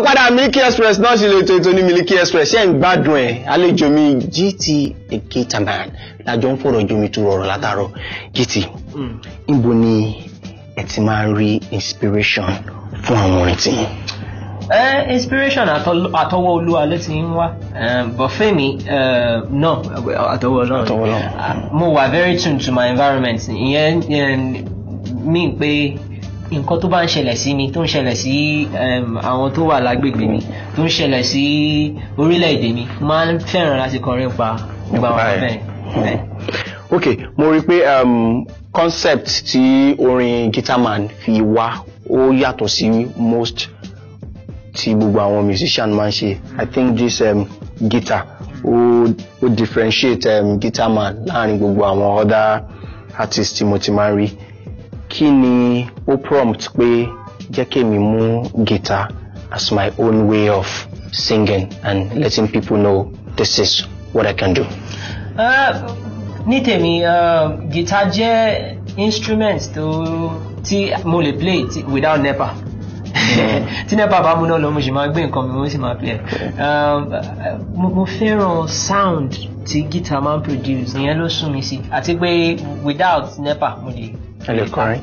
káàbọ̀ padà Miliki Express náà sì lè tó ètò ní Miliki Express ṣe ń gbádùn ẹ̀ àlejò mi GT Ekitaman lájọ ń fọ̀rọ̀ jomi tu ọ̀rọ̀ látàárọ̀ GT hmm. níbo ni ẹ ti máa ń rí inspiration fún àwọn orin tí. ẹ inspiration àtọwọ́ olúwa ló ti ń wá but fẹ́mi náà àtọwọ́ ọlọ́run mo wà very tuned to my environment ìyẹn mean pé nǹkan tó bá ń ṣẹlẹ̀ sí mi tó ń ṣẹlẹ̀ sí àwọn tó wà lágbègbè mi tó ń ṣẹlẹ̀ sí orílẹ̀-èdè mi máa ń fẹ́ràn láti kọrin pa gba wọn bẹ́ẹ̀. ok mo rí i pé concept tí orin man. fi wá ó yàtọ̀ sí most tí gbogbo àwọn musician máa ń ṣe i think this um, guitar ó ó differentiate um, man láàrin gbogbo àwọn other artists tí mo ti máa ń rí kí ni ó prompt pé jẹ́ kémi mú guitar as my own way of singing and letting people know this is what I can do. Ah, ní tèmi ah, guitar jẹ́ instrument tó tí mo lè play without nepa tí nepa bá múná lọ mo sì máa gbé nǹkan mi mo sì máa play ah, mo fẹ́ràn sound ti guitar máa produce ìyẹn ló sún mi sí àti pé without nepa mo lè ẹ kọrin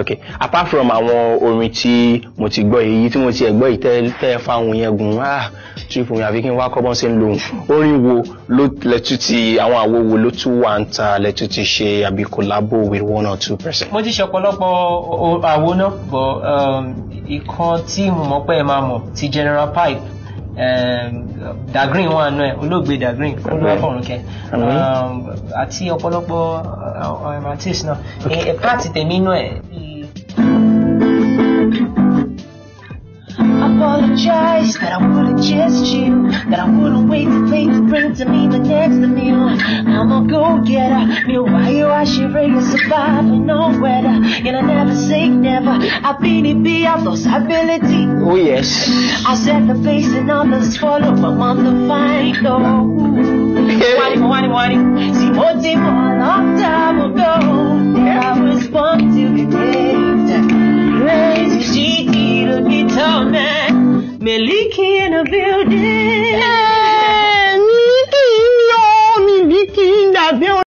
ok apart from àwọn orin tí mo ti gbọ́ èyí tí mo ti ẹ̀gbọ́ yìí tẹ́ fáwọn yẹn gùn ah trip òyìn àfi kí n wá kọ́ bọ́n ṣe ń lo orin wo ló lẹ́tú ti àwọn àwo wo ló tún wà ń ta lẹ́tú ti ṣe àbí collabo with one or two person. mo ti ṣe ọ̀pọ̀lọpọ̀ àwo náà bọ̀ um, ìkan tí mo mọ̀ pé ẹ máa mọ̀ ti General Pipe dagreen wà nù ẹ olóògbé dagreen olúwàfọ̀rúnkẹ́ àti ọ̀pọ̀lọpọ̀ artiste náà pàtì tèmi nù ẹ. Apologize that I wouldn't chase you, that I wouldn't wait for fate to bring to me the next to me. go getter. Me why you I should ring a survivor, no weather. And I never say never. I've been be i those lost ability. Oh yes. I set the face and others follow, but I'm the fine though. Wani, wani, wani. See more they a long time ago. Yeah, I was born to be named. Crazy, she did a guitar man. Meliki in a building.